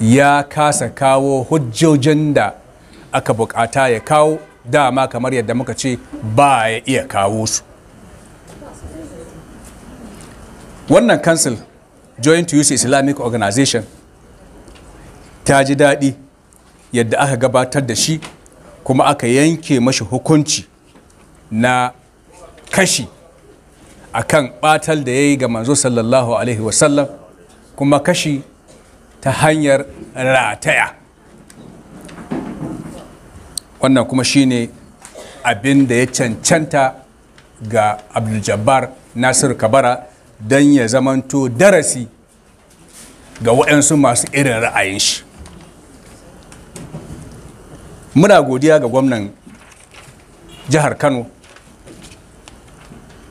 ya kasa kawo hujjojin da aka bukata ya kawo dama kamar yadda muka ce ba ya iya kawo su wannan council joint use islamic organization ta ji daɗi yadda aka gabatar da shi kuma aka yanke mashi hukunci na kashi akan batal da ya yi ga manzo sallallahu alaihi wasallam kuma kashi ta hanyar rataya wannan kuma shine abin da ya cancanta ga abdul-jabbar nasir kabara don ya zamanto darasi ga waɗansu masu irin ra'ayin shi muna godiya ga gwamnan jihar kano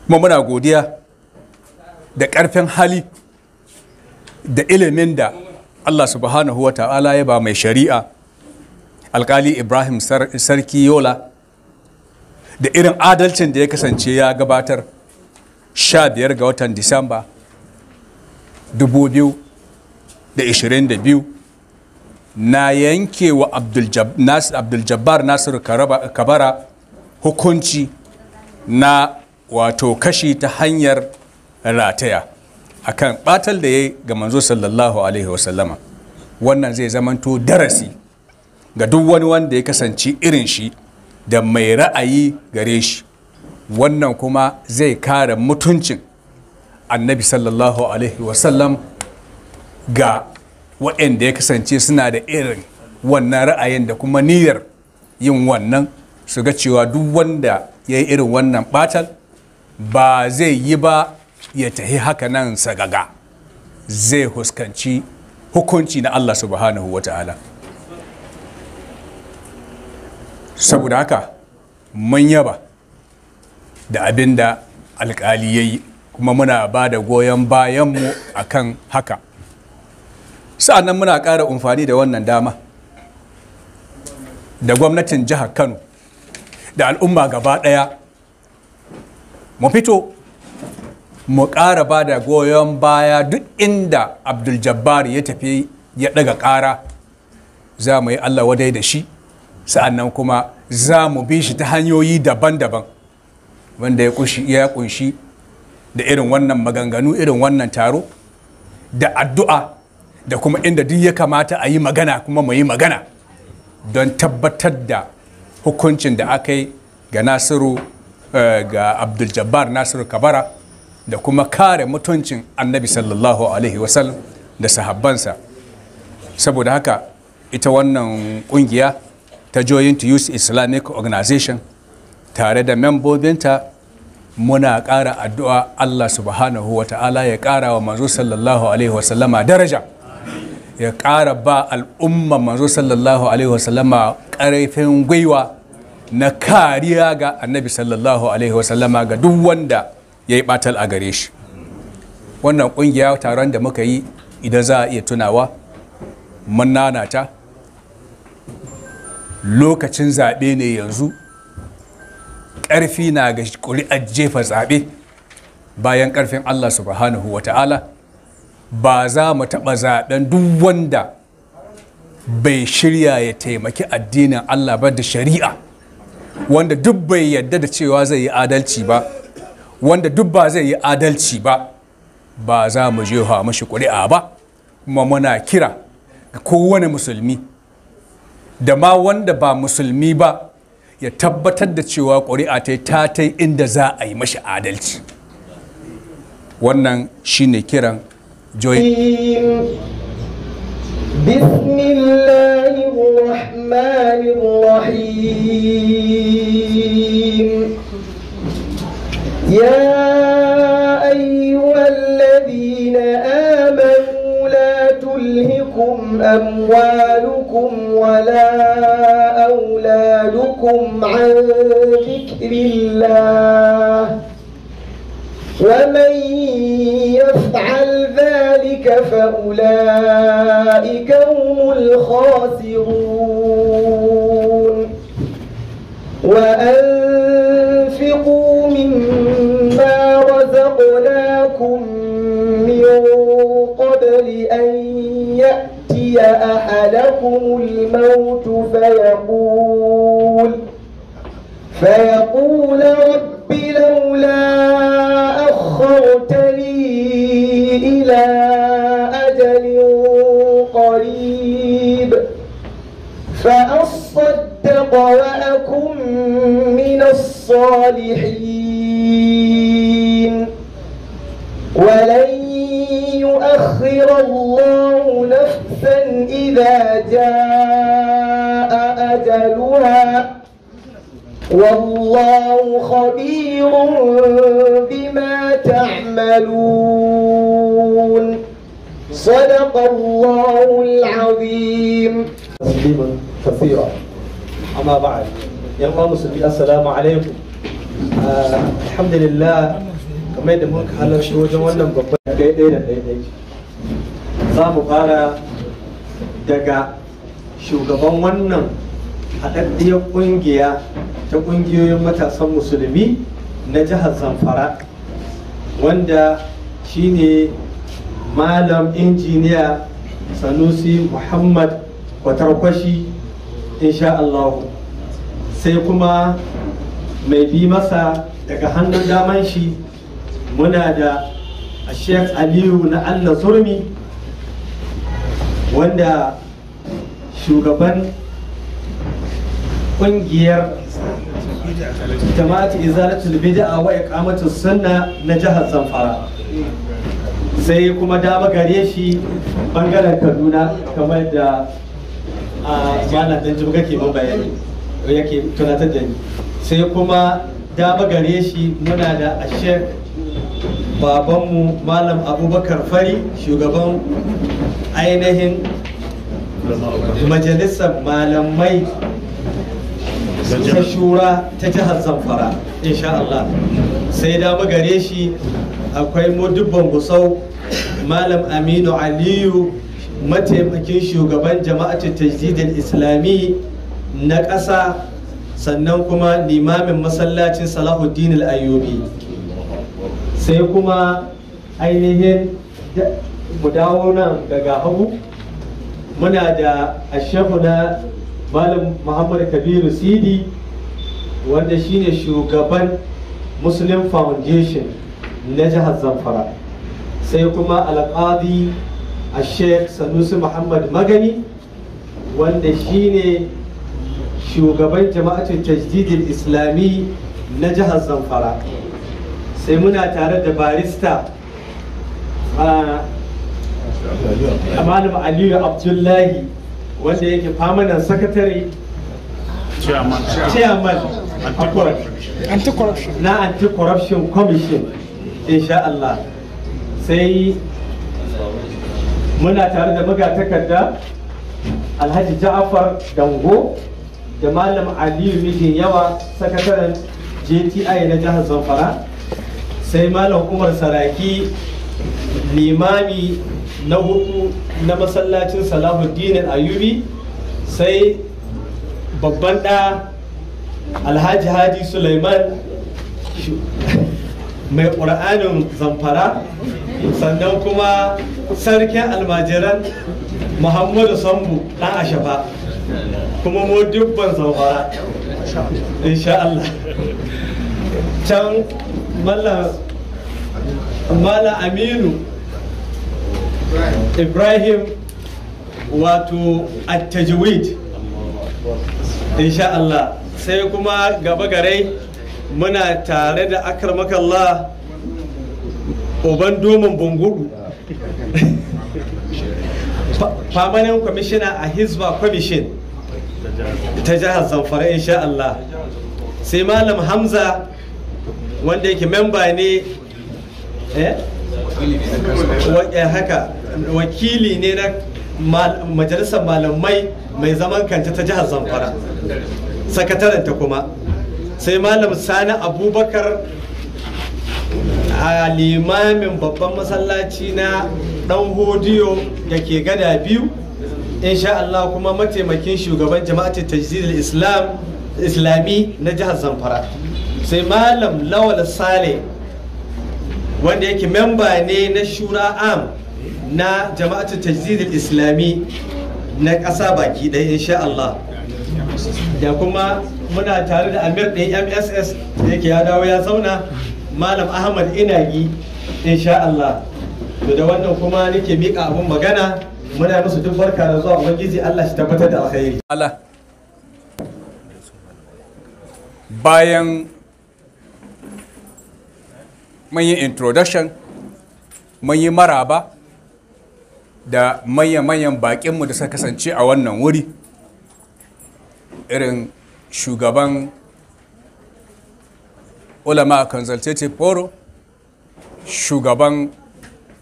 kuma muna godiya da ƙarfin hali da ilimin da Allah subhanahu wa ta'ala ya ba mai shari'a alkali Ibrahim sarki yola da irin adalcin da ya kasance ya gabatar 15 ga watan Disamba 2022 na yanke wa Abdul Jabbar Nasiru Kabara hukunci na wato kashi ta hanyar rataya. akan batal da ya yi ga manzo sallallahu alaihi wasallama wannan zai zamanto darasi ga duk wani wanda ya kasance irin shi da mai ra'ayi gare shi wannan kuma zai kare mutuncin annabi sallallahu alaihi wasallam ga waɗanda ya kasance suna da irin wannan ra'ayin da kuma niyyar yin wannan su ga cewa duk wanda ya yi irin wannan batal ba zai yi ba ya tahi haka nan sagaga zai huskanci hukunci na Allah subhanahu wa ta'ala saboda haka mun yaba da abin da alkali yayi kuma muna ba da goyon bayanmu a kan haka sa'annan muna ƙara umfani da wannan dama da gwamnatin jihar kano da al'umma gaba ɗaya mu fito mu ƙara ba da goyon baya duk inda abdul jabbar ya tafi ya ɗaga ƙara za mu yi allah wadai da shi sa'annan kuma za mu bi shi ta hanyoyi daban-daban wanda ya kunshi da irin wannan maganganu irin wannan taro da addu'a da kuma inda duk ya kamata a yi magana kuma mu yi magana don tabbatar da hukuncin da aka yi ga nasiru eh, ga abdul jabbar nasiru kabara da kuma kare mutuncin annabi sallallahu alaihi wasallam da sahabbansa saboda haka ita wannan kungiya ta joint use islamic organization tare da membobinta muna ƙara addu'a allah subhanahu wa ta'ala ya ƙara wa manzo sallallahu alaihi wasallama daraja ya ƙara ba al'umma manzo sallallahu alaihi wasallama ƙarfin gwiwa na kariya ga annabi sallallahu alaihi wasallama ga duk wanda ya yi batal a gare shi wannan kungiya taron da muka yi idan za a iya tunawa mun nanata lokacin zaɓe ne yanzu ƙarfi na ga ƙuri'ar jefa zaɓe bayan ƙarfin allah subhanahu wa ta'ala ba za mu taɓa zaɓen duk wanda bai shirya ya taimaki addinin allah ba da shari'a wanda duk bai yadda da cewa zai yi adalci ba wanda duk ba zai yi adalci ba ba za mu je hawa mashi ƙuri'a ba kuma muna kira ga kowane musulmi da ma wanda ba musulmi ba ya tabbatar da cewa ƙuri'a ta ta ta inda za a yi mashi adalci wannan shine kiran joy يا أيها الذين آمنوا لا تلهكم أموالكم ولا أولادكم عن ذكر الله ومن يفعل ذلك فأولئك هم الخاسرون وأن أحدكم الموت فيقول فيقول رب لولا أخرتني إلى أجل قريب فأصدق وأكن من الصالحين ولن يؤخر الله إذا جاء أجلها والله خبير بما تعملون صدق الله العظيم تسليما كثيرا أما بعد يا مسلمين السلام عليكم آه، الحمد لله كما يدمونك muka halarci wajen wannan babban ɗaya ɗaya da daga shugaban wannan haɗaɗɗiyar ƙungiya ta ƙungiyoyin matasan musulmi na jihar zamfara wanda shine malam injiniya sanusi muhammad kwatarkwashi insha Allah sai kuma mai bi masa daga hannun daman shi muna da sheikh aliyu na allah zurmi wanda shugaban kungiyar jama'atu izalatul bid'a wa kamatu sunna na jihar Zamfara sai kuma dama gare shi bangaren Kaduna kamar da a malam dan jibga ke bayani yake tunatar da ni sai kuma dama gare shi muna da ashek babanmu malam abubakar fari shugaban ainihin majalisar malamai ta shura ta jihar zamfara insha Allah sai da gare shi akwai mudubban gusau malam aminu aliyu mataimakin shugaban jama'atul tajdidil islami na ƙasa sannan kuma limamin masallacin salahuddin al-ayyubi sai kuma ainihin mu dawo nan daga hagu muna da ashefu na malam muhammad kabiru sidi wanda shine shugaban muslim foundation na jihar zamfara sai kuma alƙadi a sheikh sanusi muhammad magani wanda shine shugaban jama'atun tajdidin islami na jihar zamfara sai muna tare da barista a malam aliyu abdullahi wanda yake famanan sakatare chairman na anti-corruption commission insha Allah sai muna tare da magatakarda alhaji ja'afar dango da malam aliyu mijin yawa sakataren jti na jihar zamfara sai malam umar saraki limami na hudu na masallacin salahuddin ayubi sai babban da alhaji haji suleiman mai ƙur'anin zamfara sannan kuma sarkin almajiran muhammadu sambu ɗan ashafa kuma mu dubban zamfara insha'Allah can mala aminu ibrahim wato attajwid insha Allah sai kuma gaba garai muna tare da akarmakallah oban domin bungudu famanin kwamishina a hizba kwamishin ta jihar zamfara insha Allah sai malam hamza wanda yake memba ne eh? Eh, haka wakili ne na majalisar malamai mai zaman kanta ta jihar zamfara sakataranta kuma sai malam sani abubakar a limamin babban masallaci na dan hodiyo da ke gada biyu insha Allah kuma mataimakin shugaban jama'a ta islam islami na jihar zamfara sai malam lawal sale wanda yake memba ne na shura am na jama'atu tajdidul islami na ƙasa baki ɗaya insha Allah da kuma muna tare da amir ɗin mss da yake ya dawo ya zauna malam ahmad inagi insha Allah da wannan kuma nake miƙa abin magana muna musu duk barka da zuwa ubangiji Allah shi tabbatar da alkhairi bayan mun yi introduction mun yi maraba da manya-manyan baƙinmu da suka kasance a wannan wuri irin shugaban ulama consultative poro shugaban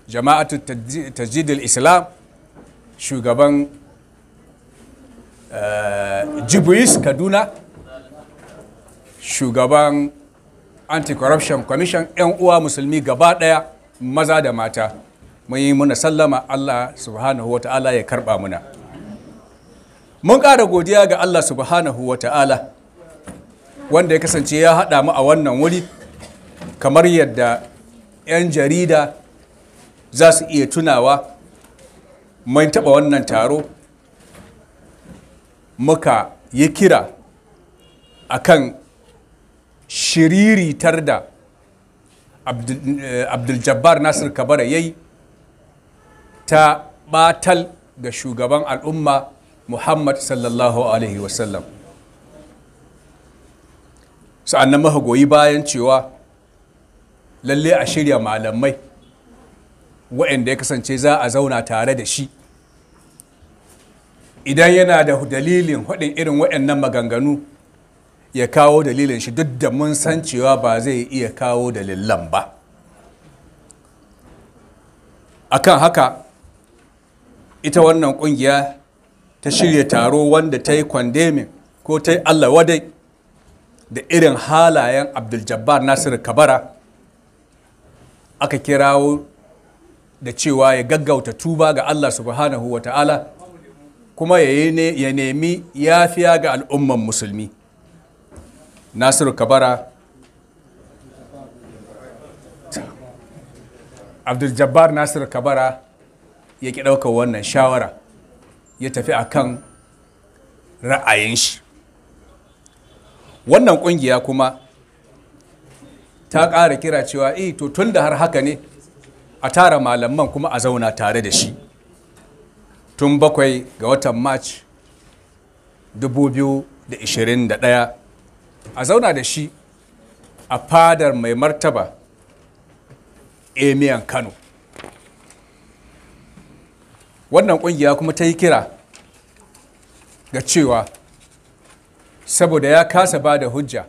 jama'atu tajidil islam shugaban eh, jibris kaduna shugaban anti-corruption commission 'yan uwa musulmi gaba ɗaya maza da mata mun yi muna sallama allah subhanahu wa ta'ala ya karba muna mun ƙara godiya ga allah subhanahu wa ta'ala wanda ya kasance ya haɗa mu a wannan wuri kamar yadda 'yan jarida za su iya tunawa mun taɓa wannan taro muka yi kira a kan shiriritar da abdul-jabbar eh, nasir kabara yayi ta batal ga shugaban al'umma muhammad sallallahu alaihi wasallam sa'annan maha goyi bayan cewa lalle a shirya malamai waɗanda ya kasance za a zauna tare da shi idan yana da dalilin haɗin irin waɗannan maganganu ya kawo dalilin shi duk da mun san cewa ba zai iya kawo dalilan ba akan haka ita wannan kungiya ta shirya taro wanda ta yi kwandemin ko ta yi allah wadai da irin halayen abdul-jabbar nasiru kabara aka kirawo da cewa ya gaggauta tuba ga allah subhanahu wa ta'ala kuma ya nemi yafiya ga al'umman musulmi nasiru kabara abdul-jabbar nasiru kabara ya ki ɗaukar wannan shawara ya tafi a kan ra'ayin shi wannan ƙungiya kuma ta ƙara kira cewa e to tun da har haka ne a tara malaman kuma a zauna tare da shi tun bakwai ga watan march 2021 a zauna da shi a fadar mai martaba emiyan kano wannan kungiya kuma ta yi kira ga cewa saboda ya kasa ba da hujja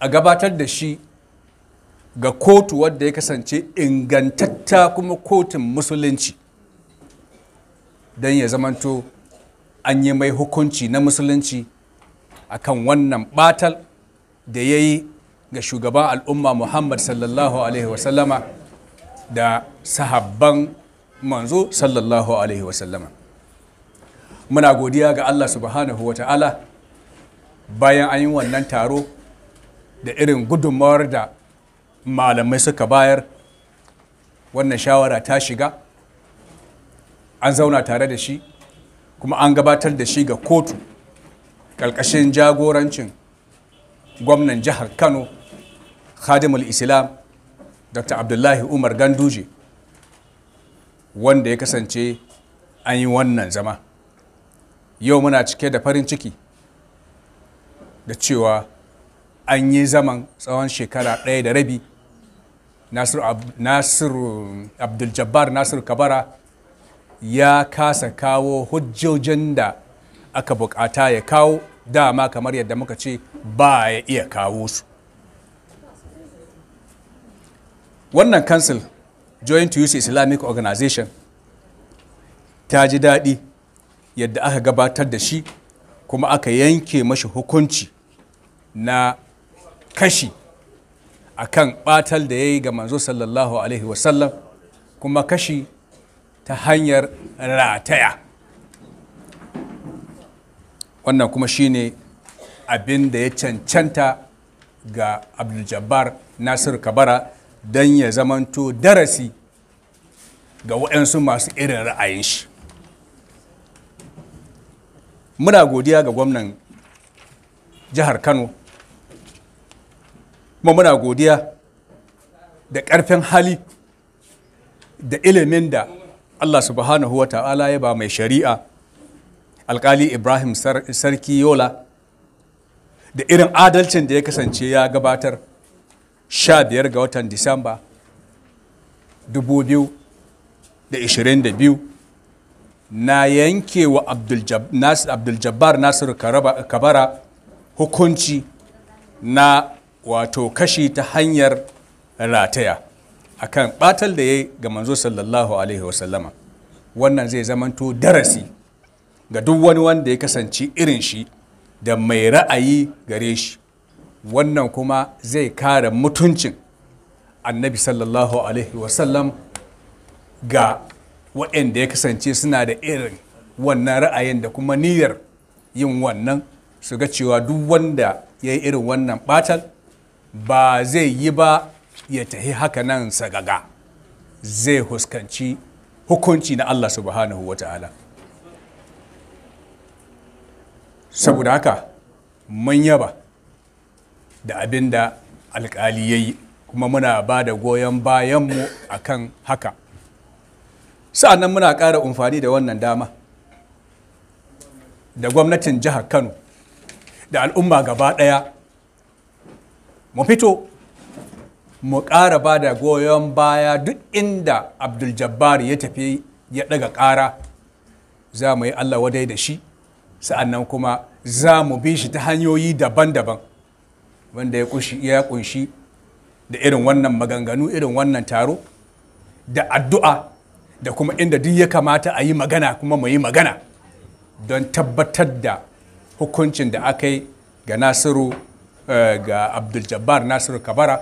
a gabatar da shi ga kotu wadda ya kasance ingantatta kuma kotun musulunci don ya zamanto an yi mai hukunci na musulunci a kan wannan batal da ya yi ga shugaban al'umma muhammad sallallahu alaihi wasallama da sahabban manzo sallallahu alaihi wasallama muna godiya ga allah subhanahu wata'ala bayan an yi wannan taro da irin gudunmawar da malamai suka bayar wannan shawara ta shiga an zauna tare da shi kuma an gabatar da shi ga kotu ƙarƙashin jagorancin gwamnan jihar kano khadimul islam dr abdullahi umar ganduje wanda ya kasance an yi wannan zama yau muna cike da farin ciki da cewa an yi zaman tsawon shekara ɗaya da rabi nasiru abdul-jabbar nasiru kabara ya kasa kawo hujjojin da aka bukata ya kawo dama kamar yadda muka ce ba ya iya kawo su wannan council joint use islamic organization ta ji daɗi yadda aka gabatar da shi kuma aka yanke mashi hukunci na kashi akan batal da ya yi ga manzo sallallahu alaihi wasallam kuma kashi ta hanyar rataya wannan kuma shine abin da ya cancanta ga abdul-jabbar nasiru kabara don ya zamanto darasi ga waɗansu masu irin ra'ayin shi muna godiya ga gwamnan jihar kano kuma muna godiya da ƙarfin hali da ilimin da allah subhanahu wa ta'ala ya ba mai shari'a alkali ibrahim sarki yola da irin adalcin da ya kasance ya gabatar 15 ga watan disamba 2022 na yanke wa abdul-jabbar nasiru kabara hukunci na wato kashi ta hanyar rataya akan batal da ya yi ga manzo sallallahu alaihi wasallama wannan zai zamanto darasi ga duk wani wanda ya kasance irin shi da mai ra'ayi gare shi wannan kuma zai kare mutuncin annabi sallallahu alaihi wasallam ga waɗanda ya kasance suna da irin wannan ra'ayin da kuma niyyar yin wannan su ga cewa duk wanda ya yi irin wannan batal ba zai yi ba ya tahi haka nan sagaga zai huskanci hukunci na Allah subhanahu wa ta'ala. saboda haka mun yaba da abin da alkali ya yi kuma muna ba da goyon bayanmu a kan haka sa'annan muna ƙara umfani da wannan dama da gwamnatin jihar kano da al'umma gaba ɗaya mu fito mu ƙara ba da goyon baya duk inda abdul jabbar ya tafi ya ɗaga ƙara za mu yi allah wadai da shi sa'annan kuma za mu bi shi ta hanyoyi daban-daban wanda ya kunshi da irin wannan maganganu irin wannan taro da addu'a da kuma inda duk ya kamata a yi magana kuma mu yi magana don tabbatar da hukuncin da aka yi ga nasiru eh, ga abdul-jabbar nasiru kabara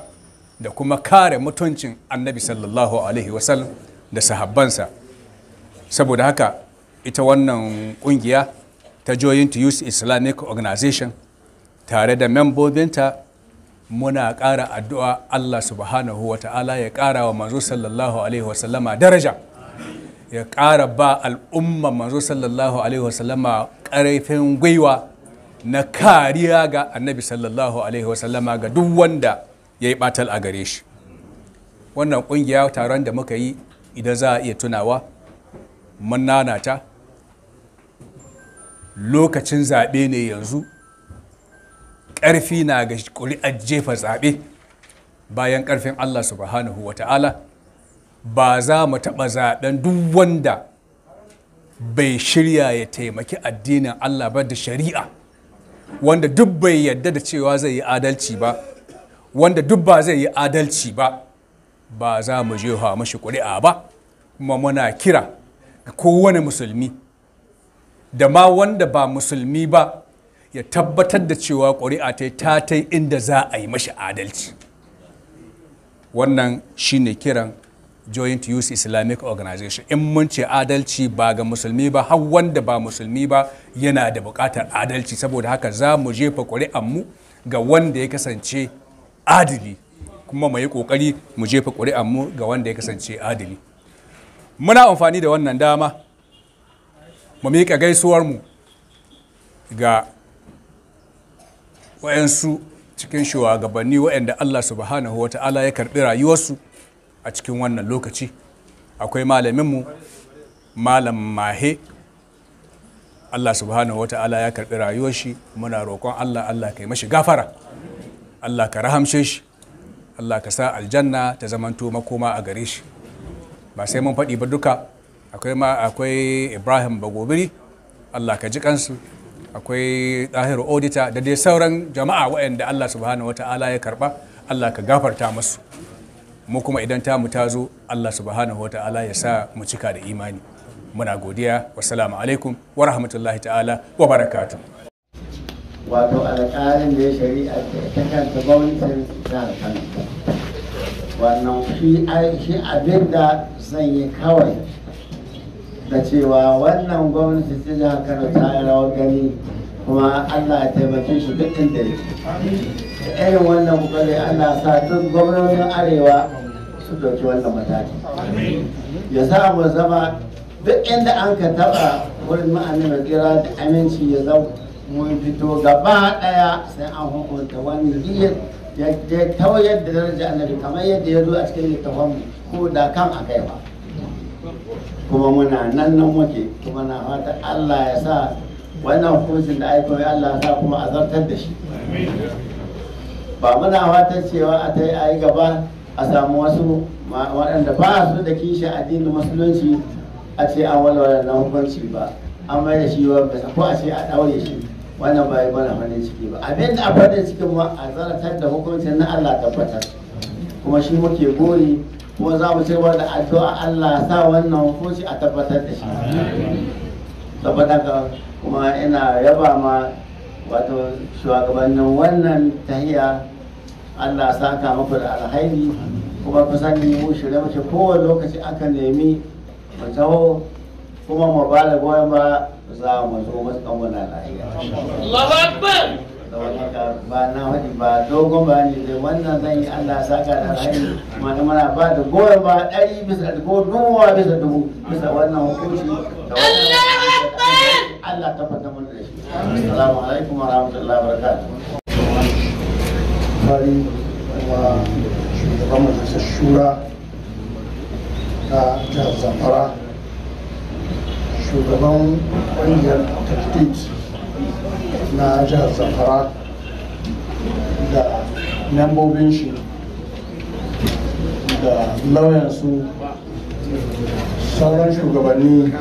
da kuma kare mutuncin annabi sallallahu alaihi wasallam da sahabbansa saboda haka ita wannan kungiya ta joint youth islamic organization tare da membobinta muna ƙara addu'a allah subhanahu wa ta'ala ya ƙara wa manzo sallallahu alaihi wa sallama daraja ya ƙara ba al'umma manzo sallallahu alaihi wa sallama ƙarfin gwiwa na kariya ga annabi sallallahu alaihi wa sallama ga duk wanda ya yi batal a gare shi wannan ƙungiya taron da muka yi idan za a iya tunawa mun nanata lokacin zaɓe ne yanzu ƙarfi na ga ƙuri'ar jefa zaɓe bayan ƙarfin allah subhanahu wa ta'ala ba za mu taɓa zaɓen duk wanda bai shirya ya taimaki addinin allah ba da shari'a wanda duk bai yadda da cewa zai yi adalci ba wanda duk ba zai yi adalci ba ba za mu jefa mashi ƙuri'a ba kuma muna kira ga kowane musulmi da ma wanda ba musulmi ba ya tabbatar da cewa ƙuri'a ta ta ta inda za a yi mashi adalci wannan shine kiran joint use islamic organization in mun ce adalci ba ga musulmi ba har wanda ba musulmi ba yana da buƙatar adalci saboda haka za mu jefa ƙuri'anmu ga wanda ya kasance adali kuma mu yi ƙoƙari mu jefa ƙuri'anmu ga wanda ya kasance adali muna amfani da wannan dama mu miƙa gaisuwar mu ga wayansu cikin shugabanni wayanda Allah subhanahu wa ta'ala ya karɓi rayuwarsu a cikin wannan lokaci akwai malamin mu malam mahe Allah subhanahu wa ta'ala ya karɓi rayuwar shi muna roƙon Allah Allah kai mashi gafara Allah ka rahamshe shi Allah ka sa aljanna ta zamanto makoma a gare shi ba sai mun faɗi ba duka akwai ma akwai ibrahim bagobiri allah ka ji kansu akwai ɗahir odita da dai sauran jama'a waɗanda allah subhanahu wa ta'ala ya karba allah ka gafarta musu mu kuma idan ta ta zo allah subhanahu wa ta'ala ya sa mu cika da imani muna godiya salamu alaikum wa rahmatullahi ta'ala wa barakatu wato alƙalin da ya shari'a ta kanta gwamnatin jihar kano wannan shi abin da zan yi kawai da cewa wannan gwamnati ta jihar kano ta yi rawar gani kuma allah ya taimake shi duk inda ya irin wannan kokari allah sa duk gwamnatin arewa su dauki wannan mataki ya sa mu zama duk inda an ka taba wurin ma'anin mai tsira da aminci ya zau mun fito gaba daya sai an hukunta wani niyyar ya tauyar da daraja annabi kamar yadda ya zo a cikin littafin ko da kan a kaiwa kuma muna nan nan muke kuma na fata Allah ya sa wannan hukuncin da aiko ya Allah sa kuma a zartar da shi ba muna fata cewa a ta yi gaba a samu wasu waɗanda ba su da kishin addinin musulunci a ce an walwala na hukunci ba an mai da shi wa ko a ce a ɗaure shi wannan ba yi mana farin ciki ba abin da a farin cikin ma a zartar da hukuncin na Allah tabbatar kuma shi muke gori kuma za mu ce wa da addu'a Allah sa wannan hukunci a tabbatar da shi saboda ka kuma ina yaba ma wato shugabannin wannan tahiya Allah saka muku da alhairi kuma sani mu shirye muke kowane lokaci aka nemi mu taho kuma mu ba da goyon ba za mu zo matsakan wannan lahiya. Allahu Akbar! don haka ba na wani ba dogon ba ne da wannan zan yi Allah saka da rahimi mana ba da gora ba ɗari bisa ko duwa bisa dubu bisa wannan hukunci da wannan Allah tabbata mana da shi assalamu alaikum wa rahmatullahi wa barakatuh wa shugaban majalisar shura ta jihar zamfara shugaban ƙungiyar tattiti na jihar zamfara da membobin shi da lauyansu sauran shugabanni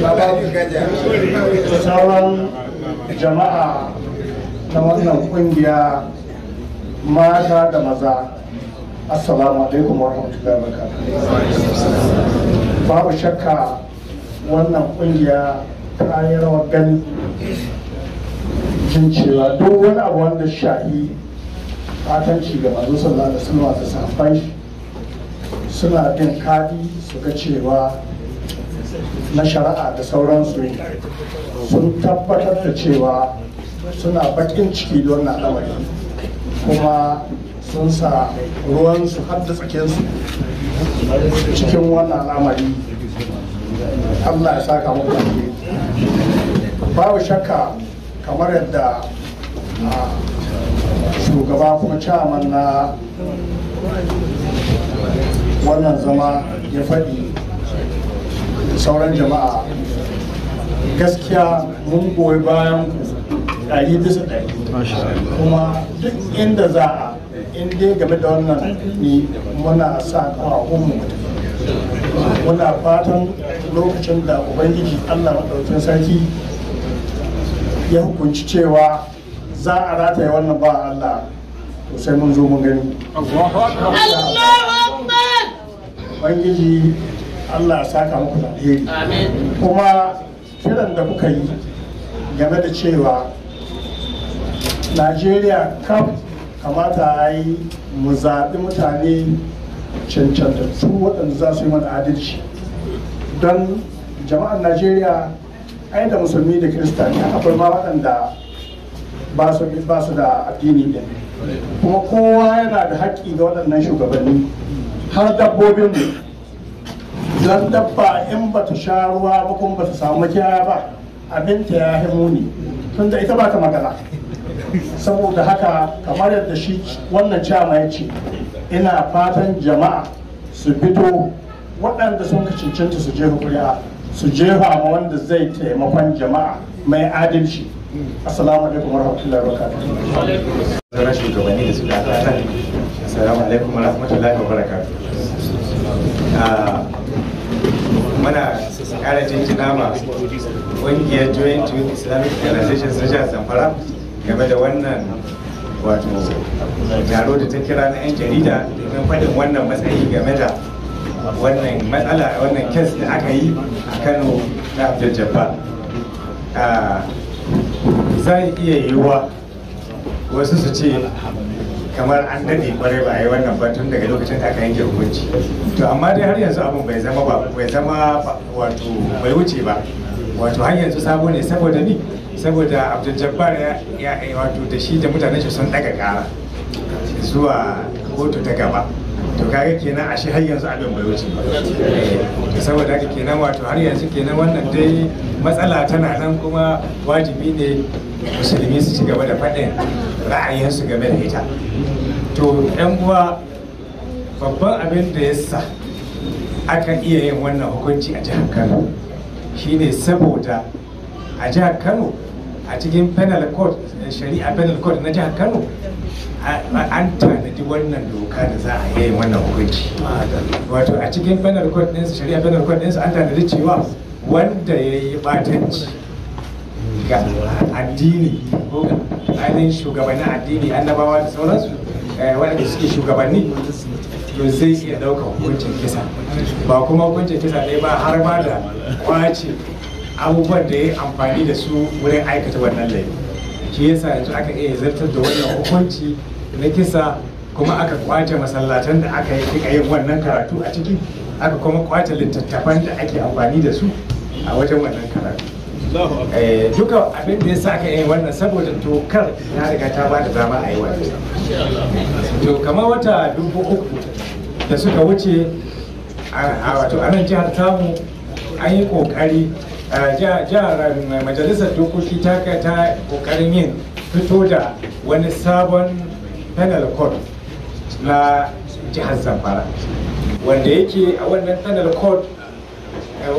na sauran jama'a na wannan kungiya mata da maza assalamu alaikum warahmatullahi wabarakatuh babu shakka wannan kungiya ta yi rawar gani jin cewa duk wani abu wanda shahi fatanci ga mazu sun da sun da safai suna bin kadi su ga cewa na shari'a da sauransu sun tabbatar da cewa suna bakin ciki don na lamari kuma sun sa ruwansu har da tsakinsu cikin wannan al'amari allah ya saka muku babu shakka kamar yadda shugaba kuma caman na wannan zama ya faɗi sauran jama'a gaskiya mun goyi bayan ku ɗari bisa ɗari kuma duk inda za a in dai game da wannan ne muna sa ƙawahun muna fatan lokacin da ubangiji allah maɗaukin sarki ya hukunci cewa za a rataye wannan ba allah to sai mun zo mun gani ubangiji allah saka muku da kuma kiran da kuka yi game da cewa najeriya kaf kamata a yi mu zaɓi mutane su waɗanda za su yi mana adalci don jama'an najeriya ai da musulmi da krista ne akwai ma waɗanda ba su da addini ɗin kuma kowa yana da haƙƙi ga waɗannan shugabanni har dabbobinmu don dabba in ba ta sha ruwa ba kuma ba ta samu makiyaya ba abinta ya himu ne tun da ita ba ta magana saboda haka kamar yadda shi wannan cama ya ce ina fatan jama'a su fito waɗanda sun ka cancanta su jefa kuri'a su jefa ma wanda zai taimakon jama'a mai adalci assalamu alaikum warahmatullahi wabarakatuh zara shugabanni da suka fatan assalamu alaikum warahmatullahi wabarakatuh ah, muna kara jinjina ma ƙungiyar joint youth islamic organization sun sha zamfara game da wannan wato taro da ta kira na 'yan jarida domin faɗin wannan matsayi game da wannan matsala wannan kes da aka yi a kano na abdul zai iya yiwuwa wasu su ce kamar an daɗe kwarai ba a yi wannan ba tun daga lokacin da aka yanke hukunci to amma dai har yanzu abin bai zama ba bai zama wato bai wuce ba wato har yanzu sabo ne saboda ni saboda abdul jabbar ya eh, wato da shi da mutanen shi sun daga kara zuwa kotu ta gaba to kaga kenan ashe har yanzu abin bai wuce ba eh, saboda haka kenan wato har yanzu kenan wannan dai matsala tana nan kuma wajibi ne musulmi su ci gaba da faɗin ra'ayinsu game da ita to yan uwa babban abin da ya sa aka iya yin wannan hukunci a jihar kano shine saboda a jihar kano a cikin penal court eh, shari'a penal court na jihar kano an tanadi wannan doka da za a yi wannan hukunci wato a cikin penal court ɗinsu shari'a penal court ɗinsu an tanadi cewa wanda ya yi batanci ga addini ko ainihin shugabannin addini annabawa da sauransu eh, waɗanda suke shugabanni to zai iya ɗaukar hukuncin kisa ba kuma hukuncin kisa ɗaya ba har ma da kwace abubuwan da ya amfani da su wurin aikata wannan laifi shi yasa yanzu aka iya zartar da wannan hukunci na kisa kuma aka kwace masallatan da aka yi yin wannan karatu a ciki aka kuma kwace littattafan da ake amfani da su a wajen wannan karatu eh, duka abin da ya sa aka yi wannan saboda tokar ya riga ta ba da dama a yi wannan to kamar wata dubu uku da suka wuce a wato nan jihar tamu an yi kokari jihar majalisar dokoki ta ta kokarin yin fito da wani sabon penal code na jihar zamfara wanda yake a wannan penal code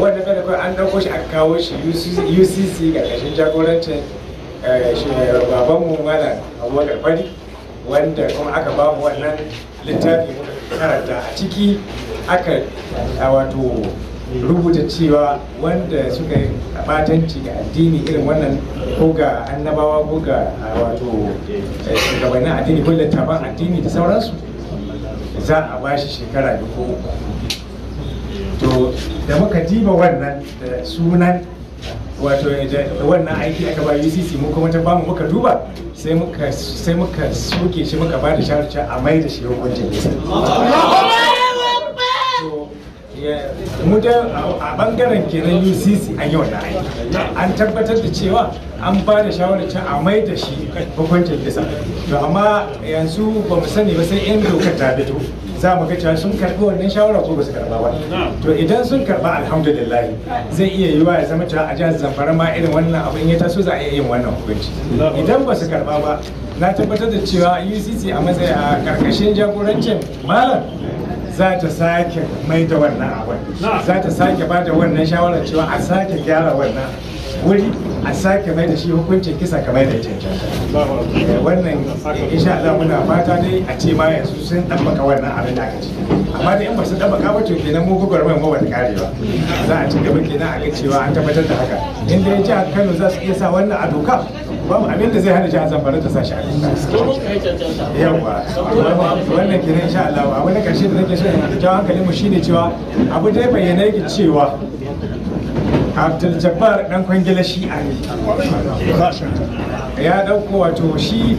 wannan penal code an dauko shi a kawo shi ucc kashin jagorancin babanmu malam abubakar fari wanda kuma aka ba mu wannan littafi muka karanta a ciki aka wato rubuta cewa wanda suka yi batanci ga addini irin wannan ko ga annabawa ko ga wato eh, shugabannin addini ko littafan addini da sauransu za a ba shi shekara uku to da muka diba wannan da sunan wato wannan aiki aka ba ucc mu kuma ta bamu muka duba sai muka sai muka soke shi muka ba da sharuci a mai da shi hukuncin mu da a bangaren kenan ucc an yi wannan aiki an tabbatar da cewa an ba da shawarar a mai da shi hukuncin kisa to amma yanzu ba mu sani ba sai yan dokar ta fito za mu ga cewa sun karɓi wannan shawara ko ba su karɓa ba to idan sun karɓa alhamdulillah zai iya yiwa ya zama cewa a jihar zamfara ma irin wannan abu ya taso za a iya yin wannan hukunci idan ba su karɓa ba na tabbatar da cewa ucc a matsayi a karkashin jagorancin malam za ta sake mai da wannan abin za ta sake ba da wannan shawarar cewa a sake gyara wannan wuri a sake mai da shi hukuncin kisa kamar da ya cancanta eh, wannan insha Allah muna fata dai a ce ma yanzu sun ɗabbaka wannan abin da aka ci amma da in ba su ɗabbaka ba to kenan mu gugar mai mu ba ta kare ba za a ci gaba kenan a ga cewa an tabbatar da haka inda ya jihar Kano za su iya sa wannan a doka babu abin da zai hana jihar Zamfara ta sa shi a doka yawa wannan kenan insha Allah a wani karshe da nake so in jawo hankalinmu shine cewa abu dai bayyana yake cewa abdul jabbar dan kwangila shi a ne ya dauko wato shi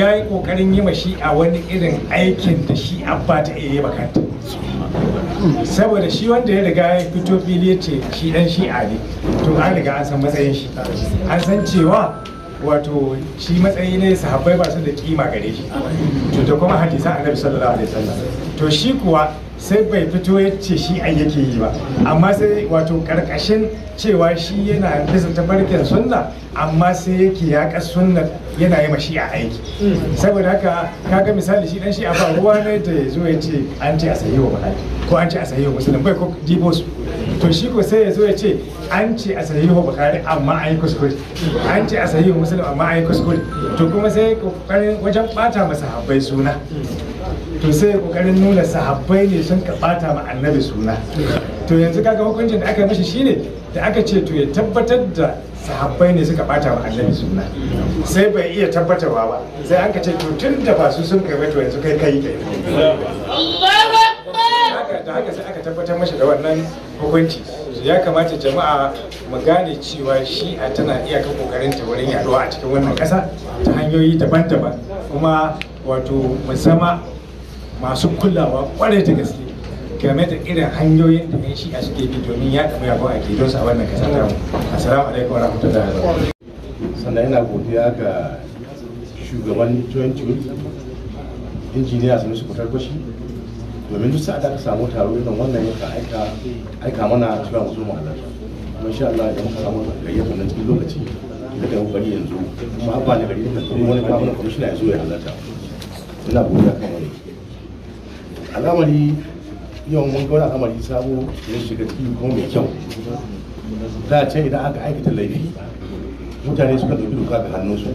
ya yi kokarin yi ma shi a wani irin aikin da shi abba ta iya ba kanta saboda shi wanda ya riga ya fito fili ce shi dan shi a ne to an riga an san matsayin shi an san cewa wato shi matsayi ne sahabbai ba su da kima gare shi to da kuma hadisan annabi sallallahu alaihi wasallam to shi kuwa sai bai fito ya ce shi ai yake yi ba amma sai wato karkashin cewa shi yana bisa tafarkin sunna amma sai yake ya sunna yana yi mashi a aiki saboda haka kaga misali shi dan shi a ba ruwa ne da ya zo ya ce an ce a sayi wa bukhari ko an ce a sayi wa musulun bai ko dibo su to shi ko sai ya zo ya ce an ce a sayi wa bukari amma an yi kuskure an ce a sayi wa musulun amma an yi kuskure to kuma sai kokarin wajen bata masa habbai suna to sai kokarin nuna sahabbai ne sun kabata ma annabi suna to yanzu kaga hukuncin da aka mishi shine da aka ce to ya tabbatar da sahabbai ne suka bata ma annabi suna sai bai iya tabbatarwa ba sai an ka ce to tun da ba su sun karbi to yanzu kai kai kai da haka sai aka tabbatar mishi da wannan hukunci ya kamata jama'a mu gane cewa a tana iya kokarin ta wurin yaduwa a cikin wannan ƙasa ta hanyoyi daban-daban kuma wato musamman masu kulawa kwarai da gaske game da irin hanyoyin da yan shi'a suke bi domin ya ɗamu yabo a gidansu a wannan ƙasar tamu assalamu alaikum warahmatullahi wabarakatuh sannan yana godiya ga shugaban joint injiniya sun su kutar bashi domin duk sa'ad aka samu taro irin wannan yakan aika aika mana cewa mu zo mu halarta kuma insha Allah idan muka samu gayyata nan cikin lokaci da kai kokari yanzu kuma abba ne gari da wani kuma kwamishina ya zo ya halarta ina godiya kan al'amari yau mun gauna al'amari sabo ya shiga cikin kuma mai kyau za a ce idan aka aikata laifi mutane suka ɗauki doka ga hannunsu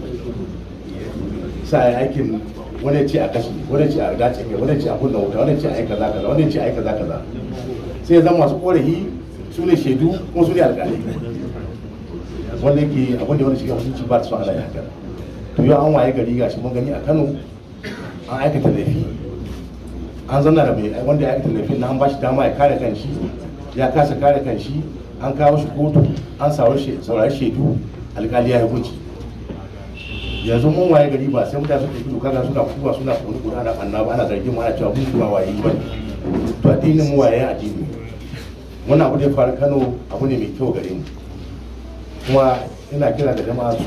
sa yi aikin wani ce a kashi wani ce a dace kai wani ce a kunna wuta wani ce a aika kaza wani ce a aika kaza sai ya zama masu korafi su ne shaidu kuma su ne alƙalai wanda yake abin da wani shiga hukunci ba su ana yi haka to yau an waye gari gashi mun gani a Kano an aikata laifi an zanna da mai wanda ya aikata laifin na an bashi dama ya kare kanshi ya kasa kare kanshi an kawo shi kotu an saurari shaidu alkali ya yi hukunci yanzu mun waye gari ba sai mutane suka yi doka ga suna kuwa suna kuma kuma ana banna ba ana zargin mu ana cewa mun kuma waye ba to addinin mu waye addini wannan abu da ya faru Kano abu ne mai kyau gare mu kuma ina kira da jama'a su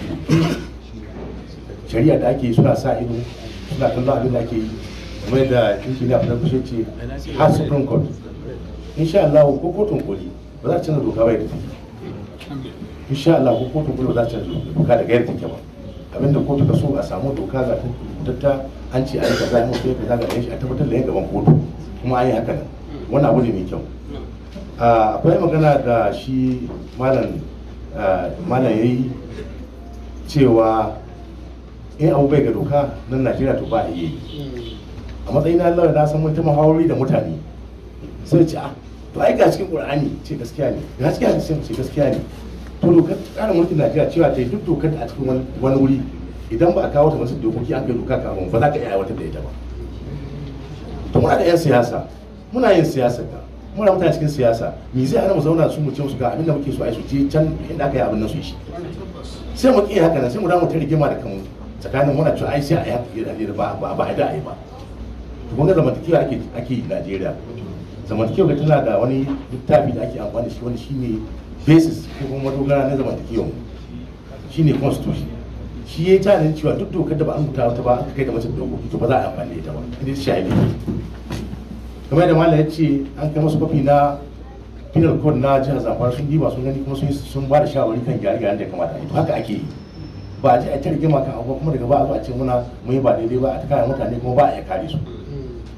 shari'a da ake suna sa ido suna kallon abin da ake yi kamar da shi ne abin kusa ce har supreme court insha Allah ko kotun koli ba za a canza doka ba ya tafi insha Allah ko kotun koli ba za a canza doka daga yadda take ba abinda kotu ka so a samu doka za ta ta an ce a yi kaza mu sai kaza ga shi a tabbatar da yin gaban kotu kuma an yi haka nan wannan abu ne mai kyau uh, akwai magana da shi malam uh, malam yayi cewa in abu bai ga doka nan Najeriya to ba a yi a matsayin Allah na san mun ta muhawari da mutane sai ce ah to ai ga cikin Qur'ani ce gaskiya ne ga cikin hadisi ce gaskiya ne to dokar tsarin mulkin Najeriya cewa ta yi duk dokar a cikin wani wuri idan ba a kawo ta masu dokoki an kai doka kafin ba za ka iya aiwatar da ita ba to muna da 'yan siyasa muna yin siyasar da muna mutane cikin siyasa me zai ana mu zauna su mu ce su ga abin da muke so ai su je can inda aka yi abin nan su shi sai mu kiyaye haka nan sai mu damu ta rigima da kanmu tsakanin muna cewa ai sai a yi da ba ba ba ba to da ga zamantakewa ake ake Najeriya zamantakewa tana da wani littafi da ake amfani shi wani shine basis ko kuma madogara na zamantakewa shine constitution shi ya tana cewa duk dokar da ba an rubuta ta ba aka kai da mace dokoki to ba za a amfani da ita ba inda shi ne kamar da malam ya ce an kai masu kwafi na penal code na jihar zamfara sun diba sun gani kuma sun ba da shawari kan gyare-gyaren da ya kamata to haka ake yi ba a ji a ta rigima kan abubuwa kuma daga ba a zo a ce muna mu yi ba daidai ba a ta kare mutane kuma ba a iya kare su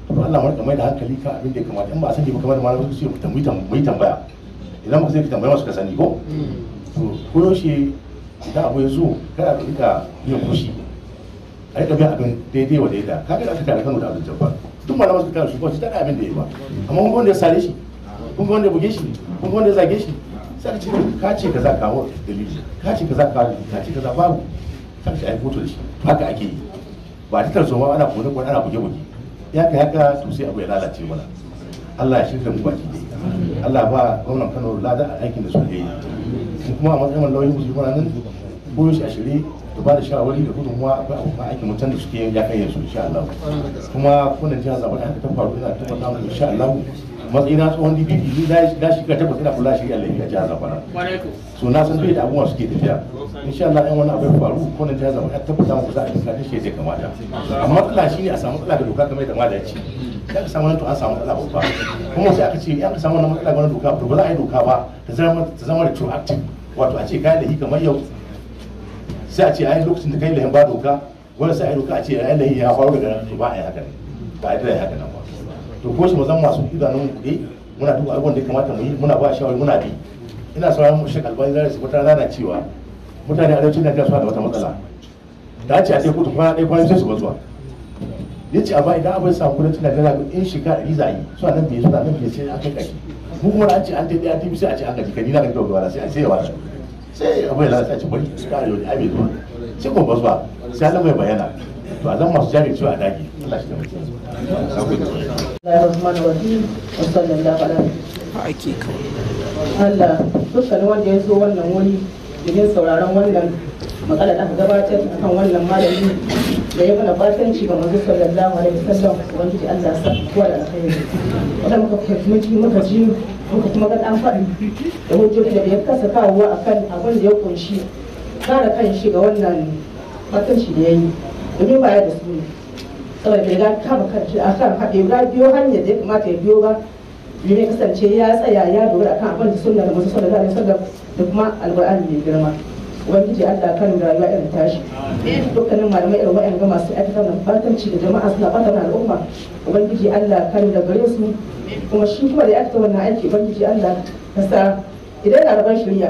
to Allah wanda mai da hankali kan abin da ya kamata in ba sani ba kamar malamin su sai mu tambayi tambaya idan ba sai ka tambaya masu ka sani ko mm. to ko yaushe idan abu ya zo kada ka rika yin kushi a rika bin abin daidai wa daidai. ka ga aka tare kanu da abin jabbar duk malamin su kan su ba su tare abin da ya ba amma kun wanda ya sare shi kun wanda ya buge shi kun wanda ya zage shi sai ce ka ce kaza kawo dalili ka ce kaza kawo dalili ka ce kaza babu sai ka aiko to da shi haka ake yi ba ta tarzoma ana kone kone ana buge buge ya kai haka to sai abu ya lalace mana Allah ya shirya mu ba Allah ba gwamnan Kano lada a aikin da suka yi kuma a matsayin lauyin musu kuma nan ko shi a shirye da ba da shawari da gudunmuwa akwai abokan aikin mutan da suke yin ya kai yanzu insha Allah kuma kuna jiya zaɓen da ta faru ina tabbata mu insha Allah matsayina tsohon dpp ni na ka tabbas ina kula shirya laifi a jihar zamfara so na san bai da abubuwa suke tafiya insha Allah in wani abu ya faru ko na jihar zamfara tabbata mu za a yi kaji shi zai kamata amma matsala ne a samu kula da doka kamar yadda mala da ci ya ka samu to an samu matsala ba kuma sai aka ce ka samu wannan matsala ga doka to ba za a yi doka ba ta zama da active wato a ce da lahi kamar yau sai a ce a yi lokacin da kai lahin ba doka wani sai a yi doka a ce a yi lahi ya faru daga nan ba a yi haka ne ba a yi haka nan to ko su zama masu idanun kuɗi muna duk abubuwan da kamata mu yi muna ba shawari muna bi ina sauraron mu shi albani zai su wata rana cewa mutane a cikin najeriya su da wata matsala da ce a ɗaya kudu kwana ɗaya kwana sai su bazuwa ya ce amma idan abin samu cikin najeriya in shiga ɗari za a yi a nan biye a nan biye sai aka kaki mu kuma an ce an ta ɗaya tibi sai a ce an gaji kani na gaji da wani sai a sai yawa sai abin da za a ce bari su kare yau da abin zuwa sai kuma bazuwa sai an mai bayyana to a zan masu jajircewa a dage Allah shi taimake mu Allah dukkan wanda ya zo wannan wuri domin sauraron wannan makala da aka gabatar akan wannan malami da ya mana fatanci ga manzo sallallahu alaihi wasallam ubangiji Allah sa kowa da alkhairi wanda muka fahimci muka ji muka kuma ga dan faɗi da hujjoji da ya kasa kawowa akan abin da ya kunshi kare kan shi ga wannan fatanci da ya yi domin ba ya da su ne saboda bai ga kama kanshi a kan haɗe ga biyo hanyar da ya kamata ya biyo ba domin kasance ya tsaya ya dogara akan abin da sunna da masu sallallahu alaihi wasallam da kuma alqur'ani mai girma ubangiji Allah kan rayuwa irin tashi dukkanin malamai irin wa'in ga masu aikata na fatanci da jama'a suna ɓata fatan al'umma ubangiji Allah kan da gare su kuma shi kuma da ya aikata wannan aiki ubangiji Allah ka sa idan na rabon shirya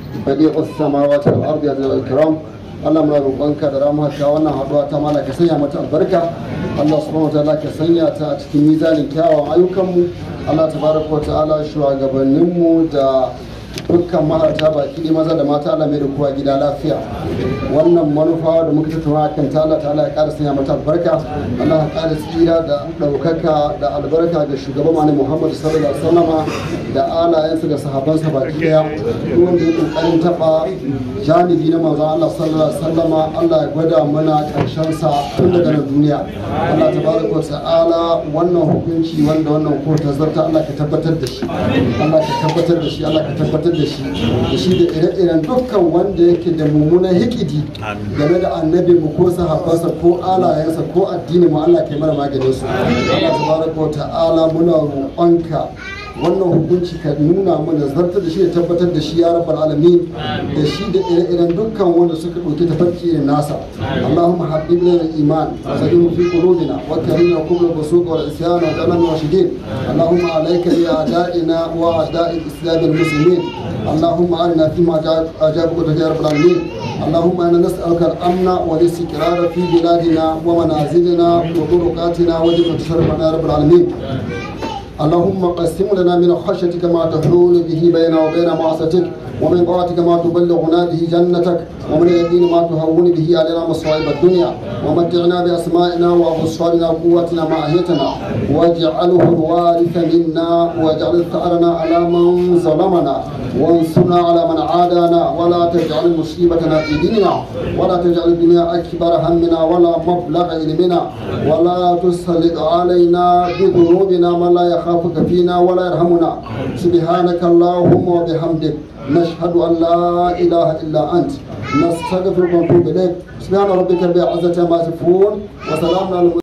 badi'u samawati wal ardi ya zal ikram Allah muna roƙonka da ramuwarka wannan haɗuwa ta mala ka sanya mata albarka Allah subhanahu wataala ka sanya ta a cikin mizanin kyawawan ayyukanmu Allah tabaraka wa ta'ala shugabanninmu da dukkan mahalarta baki ne maza da mata alamai da kowa gida lafiya wannan manufa da muka tattauna kan ta Allah ya ƙara sanya mata albarka Allah ya ƙara tsira da ɗaukaka da albarka ga shugaban mani Muhammad sallallahu alaihi wasallam da alayensa da sahabansa baki daya duk wanda ya kokarin taba janibi na manzon Allah sallallahu alaihi wasallam Allah ya gwada mana karshen sa tun daga duniya Allah tabaraka wa ta'ala wannan hukunci wanda wannan kotu ta zarta Allah ka tabbatar da shi Allah ka tabbatar da shi Allah ka tabbatar tabbatar da shi da shi da ire-iren dukkan wanda yake da mummunan hikidi game da annabi mu ko sahabbansa ko alayensa ko addini mu Allah kai mara maganin su Allah tabaraka wa ta'ala muna roƙonka wannan hukunci ka nuna mana zartar da shi da tabbatar da shi ya rabbal alamin da shi da ire-iren dukkan wanda suka ɗauki tafarki irin nasa allahumma habib lana iman wa zalim fi qulubina wa karina kubra busuq wal isyan wa zaman rashidin allahumma alayka bi a'da'ina wa a'da'i islam al muslimin اللهم أرنا فيما أجاب قدرك يا رب العالمين اللهم إنا نسألك الأمن والاستقرار في بلادنا ومنازلنا وطرقاتنا وجنة شرفنا يا رب العالمين اللهم قسم لنا من خشيتك ما تحول به بيننا وبين معصيتك ومن طاعتك ما تبلغنا به جنتك ومن اليقين ما تهون به علينا مصائب الدنيا ومتعنا باسمائنا وابصارنا وقوتنا ما احيتنا واجعله الوارث منا واجعل ثارنا على من ظلمنا وانصرنا على من عادانا ولا تجعل مصيبتنا في ديننا ولا تجعل الدنيا اكبر همنا ولا مبلغ علمنا ولا تسلط علينا بذنوبنا من لا يخافك فينا ولا يرحمنا سبحانك اللهم وبحمدك نشهد أن لا إله إلا أنت نستغفرك ونتوب إليك سبحان ربك رب العزة عما يصفون وسلام على